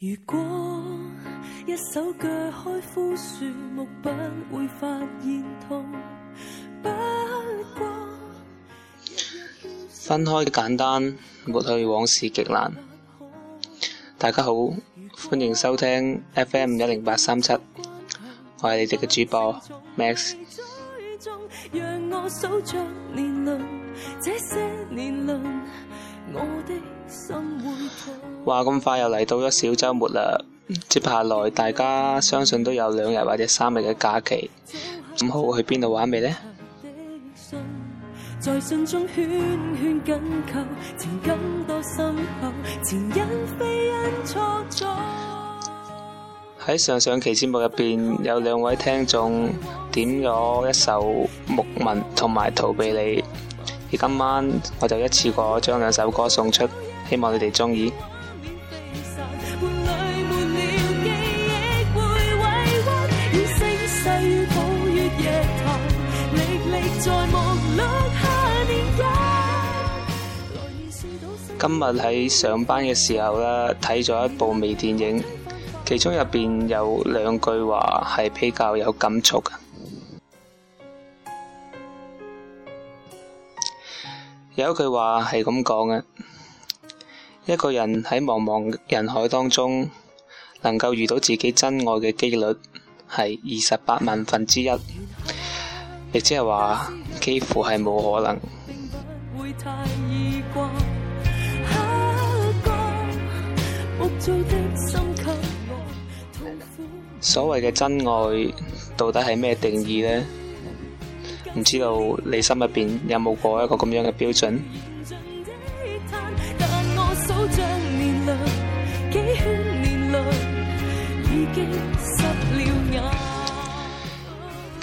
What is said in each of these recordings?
如果一手鋸開枯樹木，不會發現痛。不過分開簡單，抹去往事極難。大家好，如果 歡迎收聽 FM 一零八三七，我係你哋嘅主播慣 Max。話咁快又嚟到咗小週末啦，接下來大家相信都有兩日或者三日嘅假期，咁好去邊度玩未呢？喺 上上期節目入邊，有兩位聽眾點咗一首《牧民》同埋《逃避你》，而今晚我就一次過將兩首歌送出，希望你哋中意。今日喺上班嘅時候呢，睇咗一部微電影，其中入邊有兩句話係比較有感觸嘅。有一句話係咁講嘅：一個人喺茫茫人海當中，能夠遇到自己真愛嘅幾率係二十八萬分之一。亦即係話，幾乎係冇可能的。所謂嘅真愛到底係咩定義呢？唔知道你心入面有冇過一個咁樣嘅標準？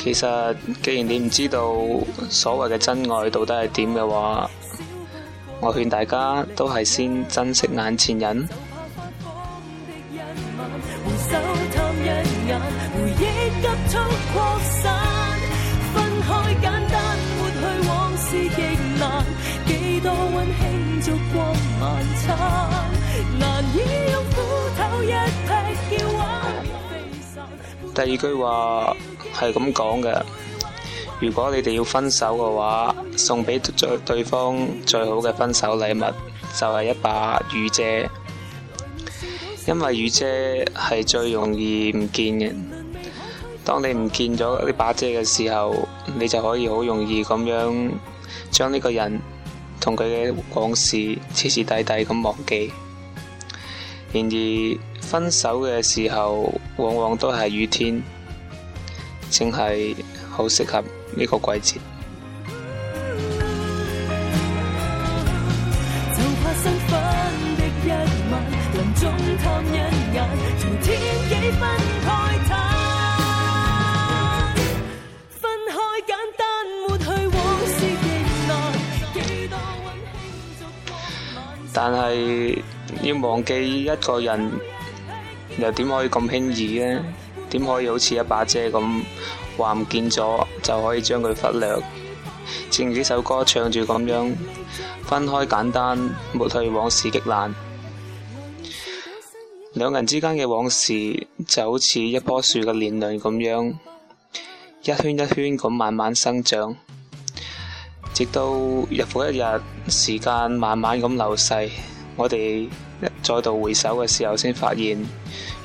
其實，既然你唔知道所謂嘅真愛到底係點嘅話，我勸大家都係先珍惜眼前人。第二句話係咁講嘅：如果你哋要分手嘅話，送俾最對方最好嘅分手禮物就係一把雨遮，因為雨遮係最容易唔見嘅。當你唔見咗呢把遮嘅時候，你就可以好容易咁樣將呢個人同佢嘅往事徹徹底底咁忘記。然而，分手嘅時候，往往都係雨天，正係好適合呢個季節。但係要忘記一個人，又點可以咁輕易呢？點可以好似一把遮咁話唔見咗就可以將佢忽略？正如呢首歌唱住咁樣，分開簡單，抹去往事極難。兩人之間嘅往事就好似一棵樹嘅年輪咁樣，一圈一圈咁慢慢生長，直到日復一日，時間慢慢咁流逝，我哋，一再度回首嘅時候，先發現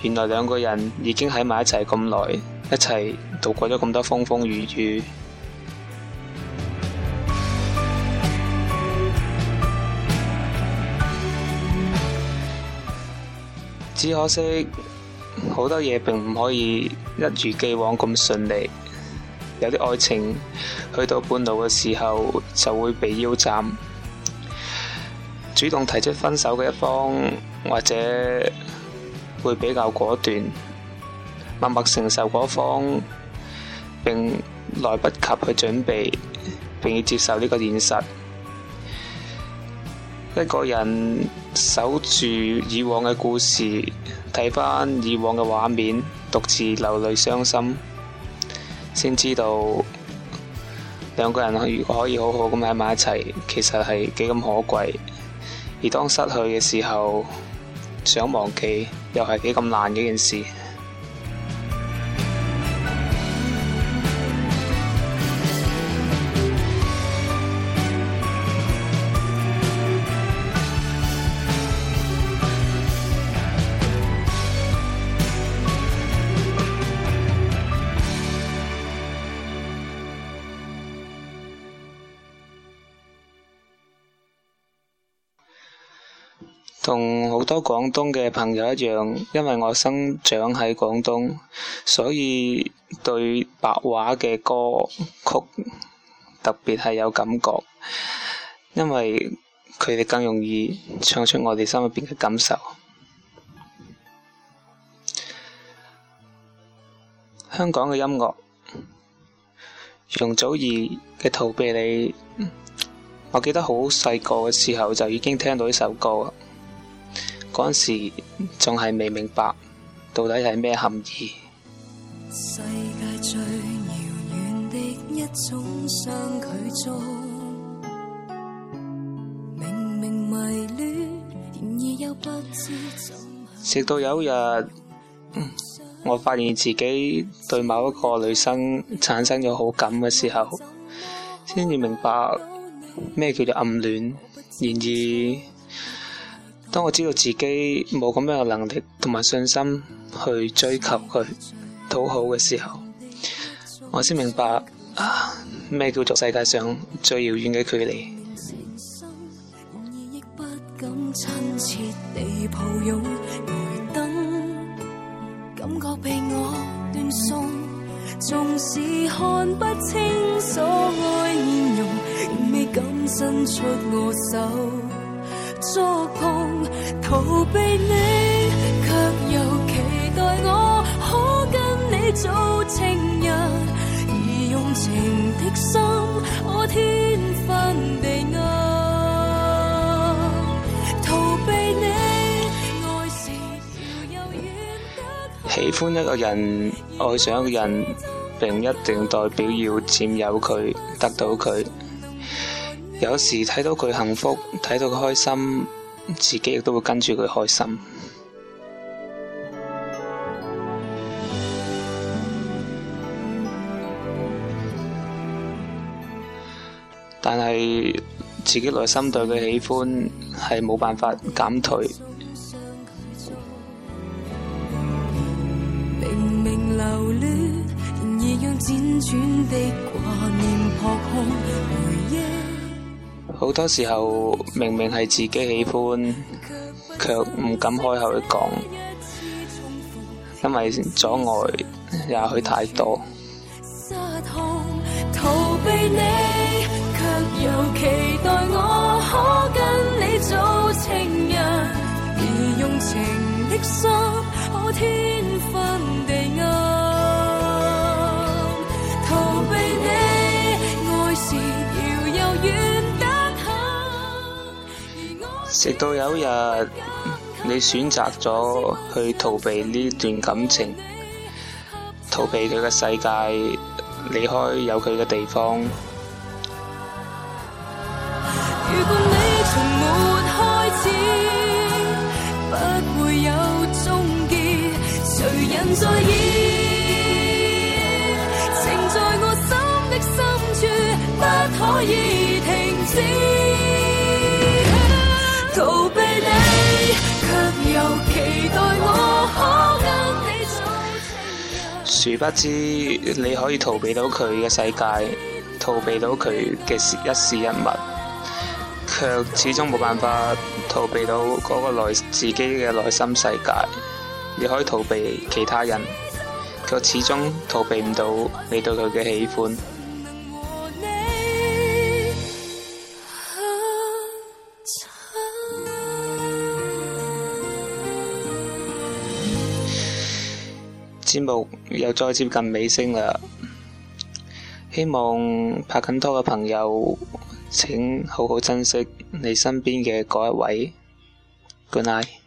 原來兩個人已經喺埋一齊咁耐，一齊度過咗咁多風風雨雨。 只可惜好多嘢並唔可以一如既往咁順利，有啲愛情去到半路嘅時候就會被腰斬。主動提出分手嘅一方，或者會比較果斷；默默承受嗰方，並來不及去準備，並要接受呢個現實。一個人守住以往嘅故事，睇返以往嘅畫面，獨自流淚傷心，先知道兩個人如果可以好好咁喺埋一齊，其實係幾咁可貴。而當失去嘅時候，想忘記又係幾咁難嘅一件事。同好多廣東嘅朋友一樣，因為我生長喺廣東，所以對白話嘅歌曲特別係有感覺。因為佢哋更容易唱出我哋心入邊嘅感受。香港嘅音樂，容祖兒嘅《逃避你》，我記得好細個嘅時候就已經聽到呢首歌。嗰陣時仲係未明白到底係咩含義。直到有一日，我發現自己對某一個女生產生咗好感嘅時候，先至明白咩叫做暗戀，然而，當我知道自己冇咁樣嘅能力同埋信心去追求佢討好嘅時候，我先明白啊咩叫做世界上最遙遠嘅距離。逃避你，卻又期待我可跟你做情人。而用情的心，天昏地暗。喜歡一個人，愛上一個人，並唔一定代表要佔有佢，得到佢。有時睇到佢幸福，睇到佢開心，自己亦都會跟住佢開心。但係自己內心對佢喜歡係冇辦法減退。明明留戀，然而讓輾轉的掛念撲空，回憶。好多時候，明明係自己喜歡，卻唔敢開口去講，因為阻礙也許太多。失控逃避你，卻又期待我可跟你做情人。而用情的心，可天分。直到有一日，你選擇咗去逃避呢段感情，逃避佢嘅世界，離開有佢嘅地方。如果你殊不知，你可以逃避到佢嘅世界，逃避到佢嘅一事一物，卻始終冇辦法逃避到嗰個內自己嘅內心世界。你可以逃避其他人，卻始終逃避唔到你對佢嘅喜歡。節目又再接近尾聲啦，希望拍緊拖嘅朋友請好好珍惜你身邊嘅嗰一位。Good night。